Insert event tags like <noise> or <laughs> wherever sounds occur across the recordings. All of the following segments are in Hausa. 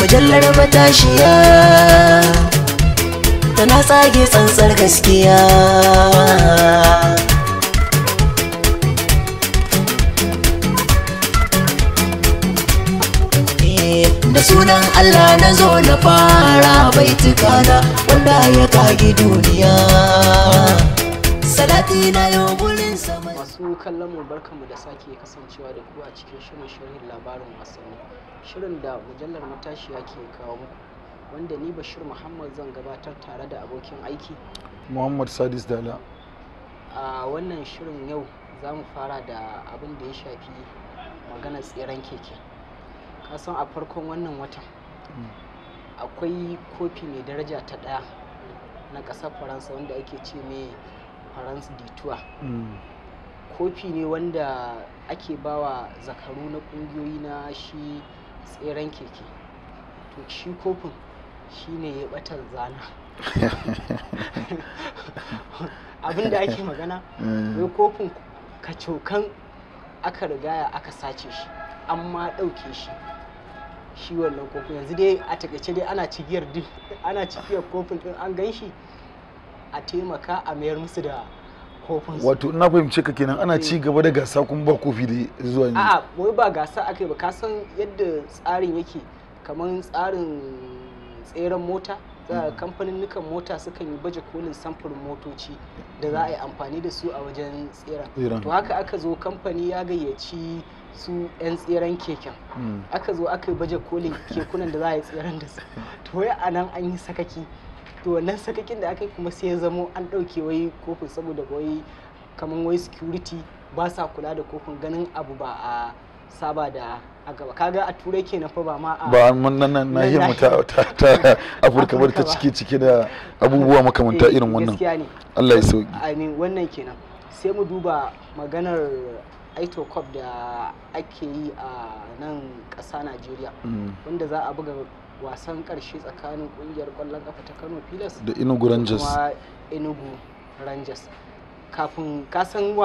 mujallar matashiya tana tsage tsantsar gaskiya eh, da sunan Allah na zo na fara tukana wanda ya kage duniya salati na yau gurin sama masu kallon mu barkamu da sake kasancewa da ku a cikin shirin shirin labarin wasanni shirin da mujallar matashiya ke kawo muku wanda ni bashir muhammad zan gabatar tare da abokin aiki muhammad sadis dala a wannan shirin yau za mu fara da abin da ya shafi magana tseren keke kasan a farkon wannan watan mm. akwai kofi mai daraja ta ɗaya na ƙasa faransa wanda ake ce mai faransa detour mm. kofi ne wanda ake bawa zakaru na ƙungiyoyi na shi tseren keke to shi kofin shi ne ya batar zana <laughs> abinda ake magana mm. wai kofin kacokan aka rigaya aka sace shi amma ɗauke shi shi wannan kofin yanzu dai a takaice dai ana cigiyar kofin ɗin an gan shi a taimaka a mayar musu da wato ina fahimce ka kenan ana eh. ci gaba da gasa kuma ba kofi da zuwa ne. a'a wai ba gasa akai ba ka san yadda tsarin yake kamar tsarin tseren mota mm. kamfanin nukan mota sukan yi baje kolin samfurin motoci da za a yi amfani da su a wajen tseren to haka aka zo kamfani ya gayyaci su 'yan tseren keken mm. aka zo aka yi baje kolin kekunan da za a yi tseren da su <laughs> to ya anan an yi sakaki to wannan sakakin da aka yi kuma sai ya zamo an ɗauke wai kofin saboda wai kamar wai security ba sa kula da kofin ganin abu ba a saba da a gaba kaga a turai kenan fa ba ma a ba mun nan na mu ta <laughs> ta afirka bar ta cike cike da abubuwa eh, makamanta irin wannan Allah ya sauki ne. wannan kenan sai mu duba maganar aito cup da ake yi a nan ƙasa najeriya mm. wanda za a buga wasan karshe tsakanin kungiyar kwallon kafa ta kano pilas da inugu rangers kuma inugu rangers kafin kasan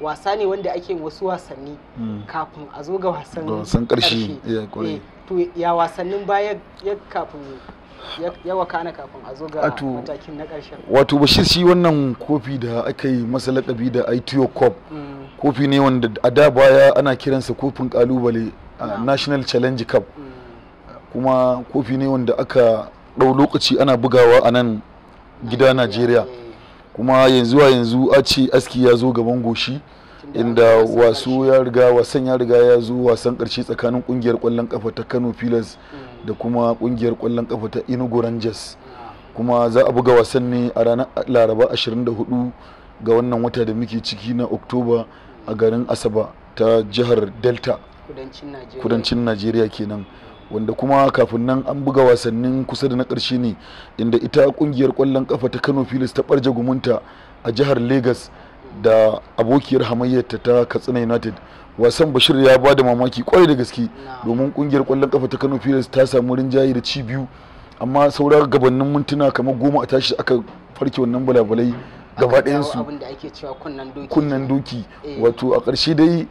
wasa ne wanda ake wasu wasanni hmm. kafin a zo ga wasan karshe eh, to ya wasannin baya ya kafin yawa kana kafin a zo ga matakin na karshe wato bashir shi wannan kofi da aka yi masa lakabi da ito cup hmm. kofi ne wanda a da baya ana kiransa kofin kalubale national challenge cup mm. kuma kofi ne wanda aka ɗau lokaci ana bugawa a nan gida najeriya kuma yanzu a yanzu a ce aski ya zo gaban goshi inda wasu ya riga wasan ya riga ya zo wasan karshe tsakanin ƙungiyar kwallon kafa ta kano pillars da kuma ƙungiyar kwallon kafa ta inugu rangers kuma za a buga wasan ne a ranar laraba 24 ga wannan wata da muke ciki na oktoba a garin asaba ta jihar delta kudancin najeriya kenan wanda kuma kafin nan an buga wasannin kusa da na ƙarshe ne inda ita ƙungiyar ƙwallon ƙafa ta kano filis ta ɓarje gumunta a jihar lagos da abokiyar hamayyarta ta katsina united wasan bashir ya ba da mamaki kwarai da gaske domin ƙungiyar ƙwallon ƙafa ta kano filis ta samu rinjaye da ci biyu amma saura gabanin mintuna kamar goma a tashi aka farke wannan balabalai gaba ɗayansu kunnen doki eh. wato a ƙarshe dai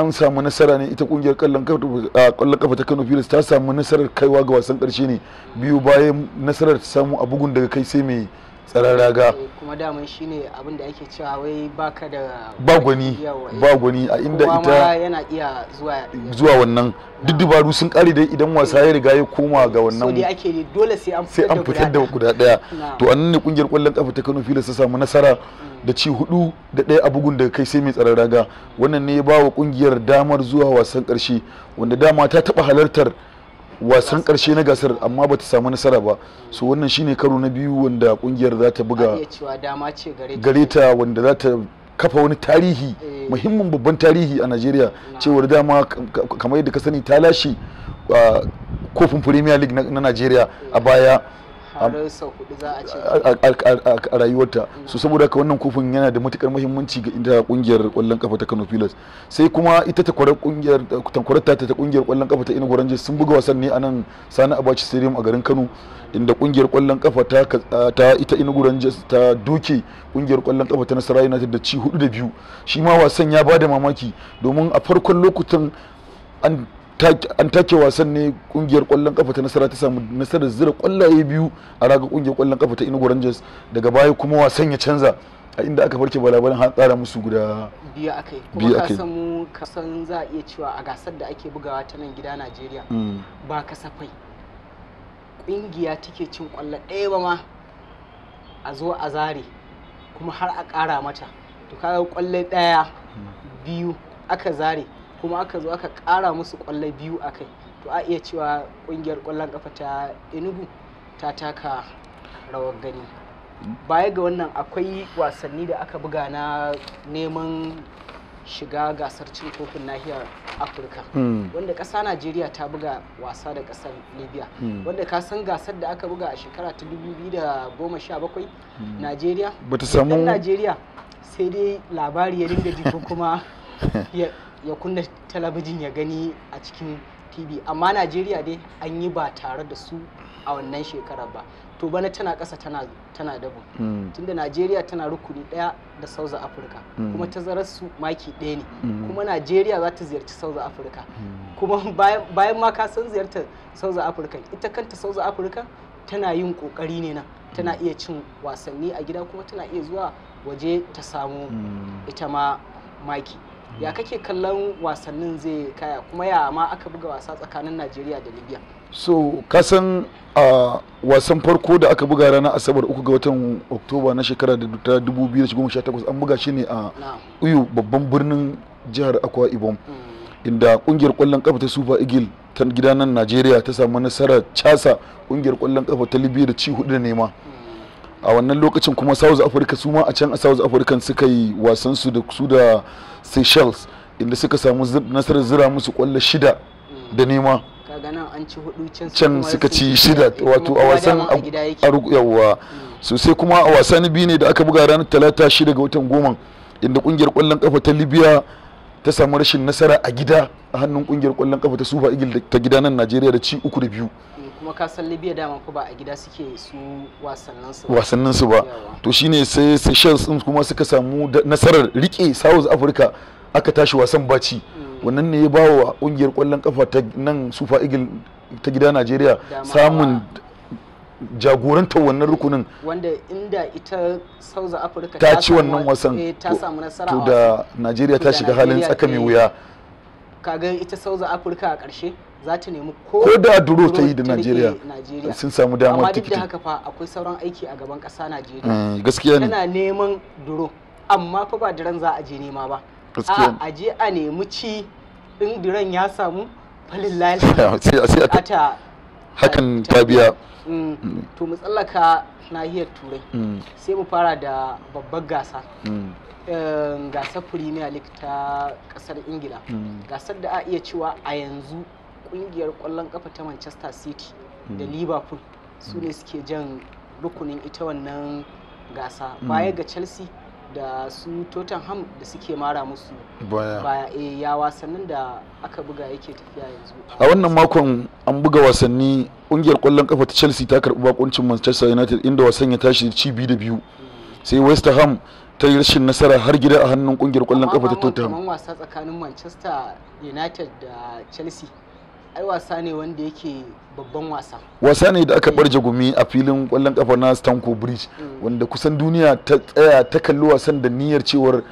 an samu nasara ne ita kungiyar kallon kafa ta Kano filis ta samu nasarar kaiwa ga wasan karshe ne biyu bayan nasarar ta samu a bugun daga kai sai mai tsararraga raga eh, kuma daman shine abin da ake cewa wai baka da ba gwani eh. ba gwani a inda ita yana iya zuwa wannan duk dubaru sun kare dai idan wasa ya riga ya koma ga wannan so sai an fitar da guda daya to an ne kungiyar kwallon kafa ta Kano Filas ta samu nasara mm. da ci hudu da ɗaya a bugun daga kai sai mai tsararraga wannan ne ya ba wa kungiyar damar zuwa wasan karshe wanda dama ta taɓa halartar wasan karshe na gasar amma bata samu nasara ba so wannan shine karo na biyu wanda kungiyar za ta buga gare ta wanda za ta kafa wani tarihi eh. muhimmin babban tarihi a Najeriya cewar dama kamar yadda ka sani ta lashe ah, kofin Premier League na Najeriya a baya a rayuwarta su saboda haka wannan kofin yana da matukar muhimmanci ga ita kungiyar kwallon kafa ta Kano Pilas sai kuma ita ta kwarar kungiyar tankwarar ta ta kungiyar kwallon kafa ta Enugu Rangers sun buga wasan ne a nan Sani Abacha Stadium a garin Kano inda kungiyar kwallon kafa ta ita Enugu Rangers ta doke kungiyar kwallon kafa ta Nasarawa United da ci hudu da biyu shi ma wasan ya bada mamaki domin a farkon lokutan an an take wasan ne kungiyar kwallon kafa ta nasara ta samu nasarar zira kwallaye biyu a raga kungiyar kwallon kafa ta inugu rangers daga baya kuma wasan ya canza a inda aka farke balabalan har tsara musu guda biyu aka yi kuma ka samu za a iya cewa a gasar da ake bugawa ta nan gida najeriya mm. ba kasafai kungiya take cin kwallo daya ba ma a zo a zare kuma har a kara mata to kaga kwallo ɗaya mm. biyu aka zare kuma aka zo aka kara musu kwallo biyu a kai to a iya cewa ƙungiyar kwallon kafa ta enugu ta taka rawar gani baya ga wannan akwai wasanni da aka buga na neman shiga gasar cin kofin nahiyar afirka hmm. wanda ƙasa najeriya ta buga wasa da ƙasar libya hmm. wanda ka san gasar da aka buga a shekara ta 2017 hmm. najeriya bata samu najeriya sai dai labari ya dinga jikin kuma <laughs> ya kunna talabijin ya gani a cikin tv amma najeriya dai an yi ba tare da su a wannan shekarar ba to bana tana kasa tana tana dabu hmm. tunda najeriya tana rukuni daya da south africa hmm. kuma tazarar su maki ɗaya ne hmm. kuma najeriya za ta ziyarci south africa kuma bayan ma ka san ziyartar south africa ita kanta south africa tana yin kokari ne nan tana iya cin wasanni a gida kuma tana iya zuwa waje ta samu ita ma maki ya hmm. kake kallon wasannin zai kaya kuma ya ma aka buga wasa tsakanin najeriya da libya so kasan a wasan farko da aka buga ranar asabar uku ga watan oktoba na shekara da 2018 an buga shi ne a uyu babban birnin jihar akwa ibom hmm. inda kungiyar kwallon kafa ta super eagle ta gidanan najeriya ta samu nasarar casa kungiyar kwallon kafa ta libya da ci hudu da nema hmm. a wannan lokacin kuma south africa su ma a can a south africa suka yi wasan su da su da seychelles inda suka samu nasarar zira musu kwallo shida da nema can suka ci shida wato a wasan yawwa sosai kuma a wasan biyu ne da aka buga ranar talata shida ga watan goma inda kungiyar kwallon kafa ta libya ta samu rashin nasara a gida a hannun kungiyar kwallon kafa ta super eagle ta gida nan najeriya da ci uku da biyu kuma ka san libya dama ko ba a gida suke su wasannin su ba to shine sai seychelles din kuma suka samu nasarar rike south africa aka tashi wasan baci mm. wannan ne ya bawa kungiyar kwallon kafa ta nan super eagle ta gida nigeria samun jagorantar wannan rukunin wanda inda ita south africa ta ci wannan wasan eh, to da nigeria ta shiga halin tsaka mai wuya kaga ita south africa a ƙarshe za ta nemi ko da duro ta yi da najeriya sun samu damar tikiti amma duk da haka fa akwai sauran aiki a gaban ƙasa najeriya mm, gaskiya ne tana neman duro amma fa ba diran za a je nema ba a je a nemi ci in diran ya samu falilal <laughs> a ta hakan ta biya mm. Mm. to mu tsallaka nahiyar turai sai mu fara da babbar gasa ehm, gasar premier league ta kasar ingila gasar da a iya cewa a yanzu kungiyar kwallon kafa ta manchester city hmm. da liverpool su ne suke jan rukunin ita wannan gasa hmm. baya ga chelsea da su tottenham da suke mara musu baya e, ya wasannin da aka buga yake tafiya yanzu a wannan makon an buga wasanni kungiyar kwallon kafa ta chelsea ta karbi bakuncin manchester united inda wasan ya tashi ci bi da biyu hmm. sai west ham ta yi rashin nasara har gida a hannun kungiyar kwallon kafa ta tottenham wasa tsakanin manchester united da chelsea ai wasa ne wanda yake babban wasa wasa ne da aka eh. barje gumi a filin kwallon kafa na stanko bridge mm. wanda kusan duniya ta tsaya ta kalli wasan da niyyar cewar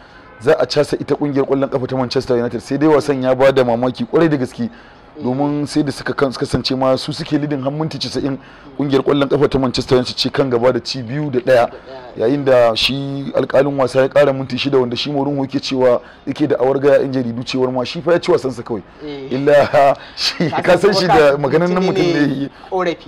za a casa ita kungiyar kwallon kafa ta manchester united sai dai wasan ya ba da mamaki kwarai da gaske domin sai da suka kasance ma su suke lidin har minti 90 kungiyar kwallon kafa ta Manchester yanci ce kan gaba da ci biyu da daya yayin da shi alkalin wasa ya kara minti shida wanda shi morin hoke cewa yake da awar gaya in jaridu cewar ma shi fa ya ci wasan sa kawai eh. illa <laughs> shi ka san shi da maganan nan mutum ne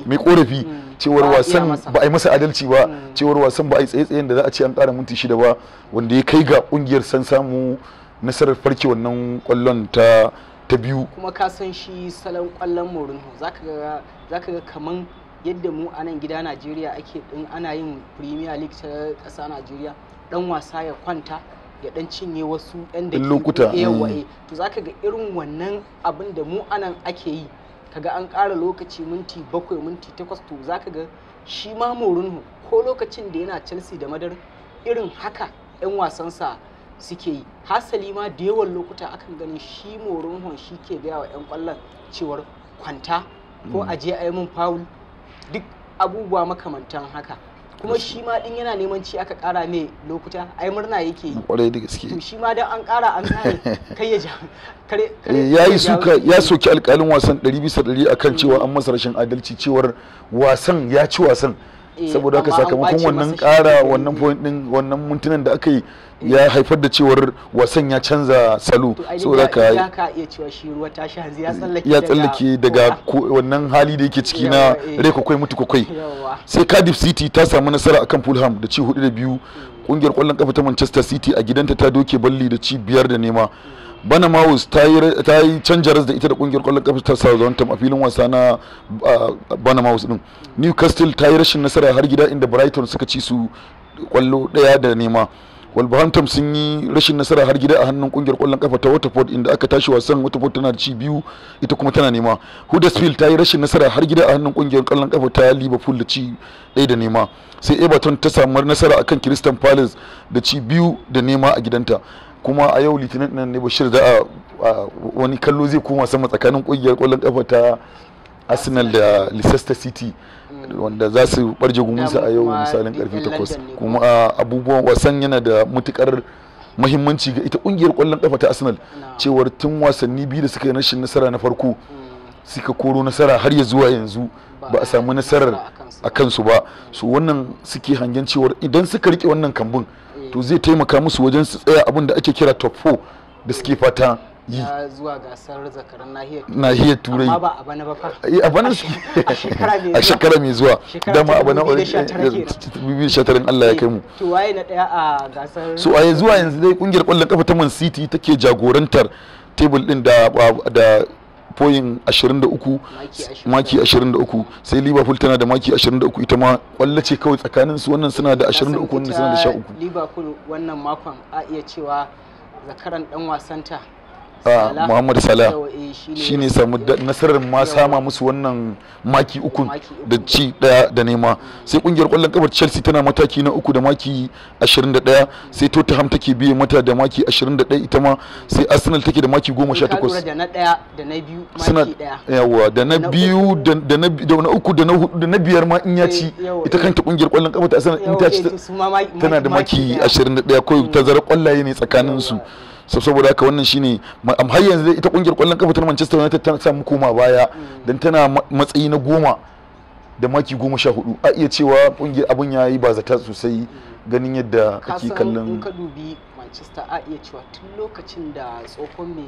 mai korafi mm. cewar wasan ba a yi masa adalci ba mm. cewar wasan ba a yi tsaye-tsayen da za a ce an kara minti shida ba wanda ya kai ga kungiyar san samu nasarar farke wannan kwallon ta ta biyu kuma ka san shi salon kwallon Mourinho zaka ga zaka kaman yadda mu a nan gida Najeriya ake din ana yin Premier League ta ƙasa Najeriya dan wasa ya kwanta ya dan cinye wasu yan da lokuta mm. eh. to zaka ga irin wannan abin da mu anan ake yi kaga an ƙara lokaci minti bakwai minti takwas to zaka ga shi ma Mourinho ko lokacin da yana Chelsea da madar irin haka 'yan wasansa suke yi hasali ma da yawan lokuta akan ganin shi morinhon shi ke gaya wa 'yan kwallon cewar kwanta ko hmm. je a yi min faul duk abubuwa makamantan haka kuma shi ma din yana neman ci aka kara mai lokuta ai murna yake yi kwarai da gaske shi ma dan an kara an kare <laughs> kai ya ja kare eh, ya yi suka ya soki alkalin wasan 100 bisa 100 akan cewa an masa rashin adalci cewar wasan ya ci wasan Eh, saboda haka sakamakon wannan kara wannan point din wannan mintunan da aka yi ya haifar da cewar wasan ya canza salo saboda ka iya cewa shi ruwa shi hanzu ya tsallake ya tsallake daga wannan hali da yake ciki na eh. rai kwakwai mutu kwakwai sai Cardiff City ta samu nasara akan Fulham da ci hudu da biyu kungiyar hmm. kwallon kafa ta Manchester City a gidanta ta doke balli da ci biyar da nema hmm. bana mawus ta yi canja da ita da kungiyar kwallon kafa ta southampton a filin wasa na bana mawus din newcastle ta yi rashin nasara har gida inda brighton suka ci su kwallo daya da nema Wolverhampton sun yi rashin nasara har gida a hannun kungiyar kwallon kafa ta Waterford inda aka tashi wasan Waterford tana da ci biyu ita kuma tana nema. Huddersfield ta yi rashin nasara har gida a hannun kungiyar kwallon kafa ta Liverpool da ci ɗaya da nema. Sai Everton ta samu nasara akan Crystal Palace da ci biyu da nema a gidanta. kuma a yau litinin nan ne bashir da wani kallo zai koma sama tsakanin kungiyar kwallon kafa ta arsenal da leicester city wanda za su barje gumunsa a yau misalin karfe 8 kuma ah, abubuwan wasan yana da matukar mahimmanci ga ita kungiyar kwallon kafa ta arsenal cewar tun wasanni biyu da suka yi rashin nasara na farko hmm. suka koro nasara har ya zuwa yanzu ba a samu nasarar a kansu ba su wannan suke hangen cewar idan suka rike wannan kambun to zai taimaka musu wajen su tsaya abin da ake kira top 4 da suke fata yi zuwa gasar zakaran nahiyar turai amma ba a bana ba eh, a su <laughs> a shekara mai zuwa dama a bana 2019 eh, Allah ya kai mu to waye na daya a gasar so a zuwa yanzu dai kungiyar kwallon kafa ta Man City take jagorantar table din da da foyin 23 maki 23 sai liverpool tana da maki 23 ita ma kwallo ce kawai tsakanin su wannan suna da 23 wannan suna da 13 liverpool wannan makon a iya cewa zakaran dan wasanta Ah, muhammadu salah eh, shi ne samu nasarar ma sama musu wannan maki uku da ci daya da nema sai kungiyar kwallon kafar chelsea tana mataki na uku da maki 21 sai tottenham take biye mata da maki 21 ita ma sai arsenal take da maki 18 da na daya da na biyu maki daya da na biyu da na uku da na hudu da na biyar ma in ya eh, ci ita eh. kanta kungiyar kwallon kafar ta arsenal in ta ci tana da maki 21 ko mm. tazara kwallaye ne tsakanin su so saboda haka wannan shine har yanzu ita kungiyar kwallon kafa ta Manchester United ta samu koma baya dan tana matsayi na goma da maki goma sha hudu a iya cewa kungiyar abun yayi ba zata sosai ganin yadda kake kallon ka dubi Manchester a iya cewa tun lokacin da tsohon mai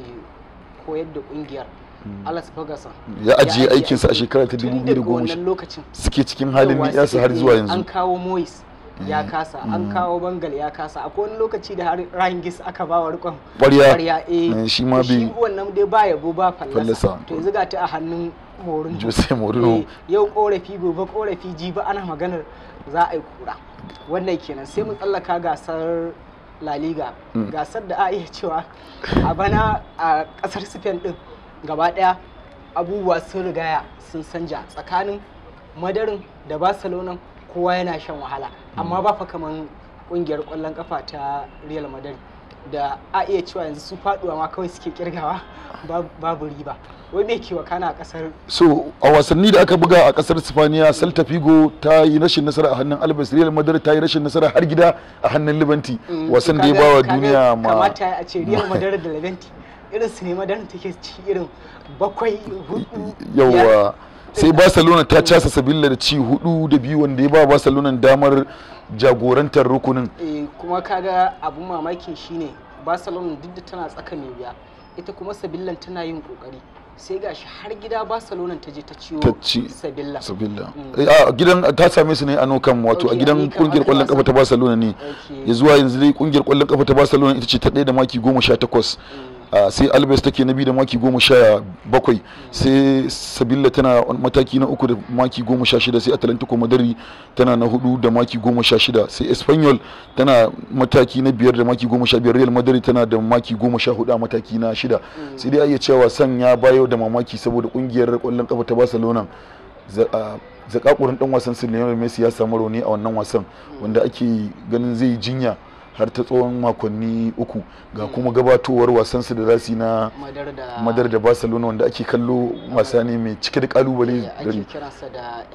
koyar da kungiyar hmm. Alex Ferguson ya ajiye aikinsa a shekarar ta 2010 suke cikin halin ni'yarsa har zuwa yanzu an kawo moise ya mm. kasa an mm. kawo bangal ya kasa akwai wani lokaci da har rangis aka ba wa rikon ƙwarya eh. eh shi ma bi wannan dai ba yabo ba fallasa to yanzu ga ta a hannun morin Jose morino eh, yau korafi gobe korafi ji ba ana maganar za a yi kura wannan kenan sai mu tsallaka gasar La Liga mm. gasar da a iya cewa a bana a kasar Spain din gaba daya abubuwa sun rigaya sun sanja tsakanin madarin da barcelona kowa yana shan wahala amma hmm. ba fa kaman kungiyar kwallon kafa ta real madrid da a iya cewa yanzu su faduwa ma kawai suke kirgawa babu riba wai me ke wakana a kasar so a wasanni da aka buga a kasar sifaniya celta figo ta yi rashin nasara a hannun albas real madrid ta yi rashin nasara har gida a hannun libanti hmm, wasan da ya ba wa duniya ma kamata a ce real <laughs> madrid da libanti irin su ne madarin take ci irin bakwai hudu yawa sai barcelona ta casa sabilla da ci hudu da biyu wanda ya ba barcelona damar jagorantar rukunin eh, kuma kaga abun mamakin shine barcelona duk da tana tsaka mai ita kuma sabillan tana yin kokari sai gashi har gida barcelona ta je ta ciwo sabilla sabilla mm. eh, a gidan ta same su ne a nokan wato a gidan eh, kungiyar kwallon kafa ta barcelona ne ya zuwa yanzu dai kungiyar kwallon kafa ta barcelona ita ce ta ɗaya da maki goma sha takwas mm. sai albes take na biyu da maki goma sha bakwai sai sabilla tana mataki na uku da maki goma sha shida sai atalantico madari tana na hudu da maki goma sha shida sai espanyol tana mataki na biyar da maki goma sha biyar real madari tana da maki goma sha hudu a mataki na shida sai dai iya cewa san ya bayo da mamaki saboda kungiyar kwallon kafa ta barcelona zakakurin dan wasan su Lionel Messi ya samu rauni a wannan wasan wanda ake ganin zai jinya har ta tsawon makonni uku ga kuma gabatowar wasansu da za su yi na madar da barcelona wanda ake kallo wasa ne mai cike da kalubale da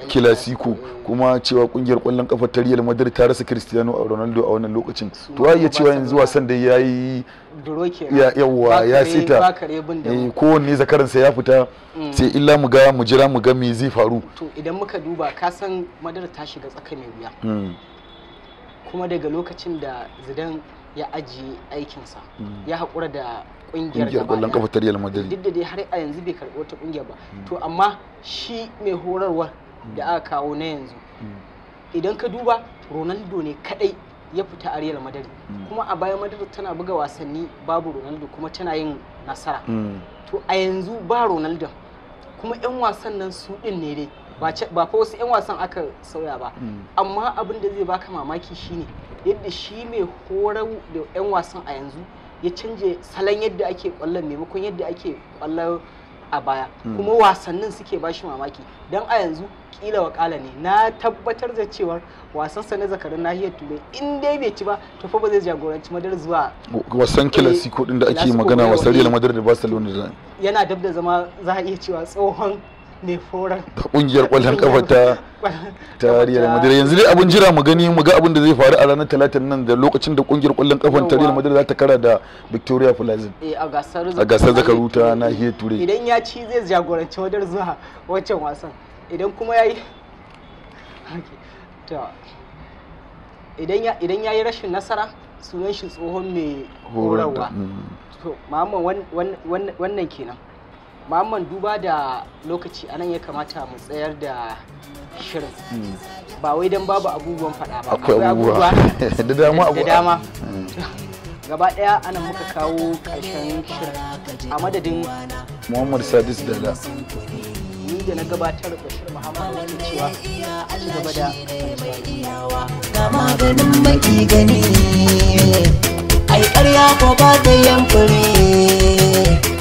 kilasiko eh. kuma cewa kungiyar kwallon kafa ta real madar ta rasa cristiano ronaldo a wannan lokacin to ya cewa yanzu wasan da ya yi yawa ya sita eh, kowanne zakaransa ya fita mm. sai illa mu ga mu jira mu ga me zai faru to idan muka duba ka san madar ta shiga tsaka mai wuya mm. kuma daga lokacin da zidan ya ajiye aikinsa hmm. ya haƙura da ƙungiyar gaba ƙwallon ta duk da dai har a yanzu bai karɓi wata ƙungiya ba hmm. to amma shi mai horarwa da hmm. aka kawo na yanzu idan ka duba Ronaldo ne kaɗai ya fita a Real Madrid kuma a baya Madrid tana buga wasanni babu Ronaldo kuma tana yin nasara to a yanzu ba Ronaldo kuma 'yan wasan nan su ɗin ne dai ba fa wasu 'yan wasan aka sauya ba hmm. amma abin da zai baka mamaki shine yadda shi mai horar da 'yan wasan a yanzu ya canje salon yadda ake kwallon maimakon yadda ake kwallon a baya hmm. kuma wasannin suke bashi mamaki don a yanzu kila wakala ne na tabbatar da cewar wasansa na zakarin nahiyar turai in dai bai ci ba to fa ba zai jagoranci madar zuwa wasan kilasiko eh, din da ake magana wasan real madrid da barcelona yana dab da zama za a iya cewa tsohon ne foran ta kungiyar kwallon kafa ta Tariyar Real yanzu dai abun jira mu gani mu ga abin da zai faru a ranar talatin nan da lokacin da kungiyar kwallon kafa ta Real Madrid za ta kara da Victoria Plaza eh, a gasar zakaru ta nahiyar Turai idan ya ci zai jagoranci wadar zuwa wancan wasan idan kuma ya yi idan ya yi rashin nasara sunan shi tsohon mai horarwa mm. to mamman wannan kenan Muhammad duba da lokaci anan ya kamata mu tsayar da shirin. Hmm. Ba wai don babu abubuwan faɗa ba. Akwai abubuwa. <laughs> Da dama Da dama. Hmm. Gaba ɗaya anan muka kawo ƙarshen shirin a madadin. Muhammad Sadis Dada. Ni da na gabatar da shirin Muhammad wani cewa a ci gaba da Ga maganin maki gani. Ai ƙarya ko ba ta yan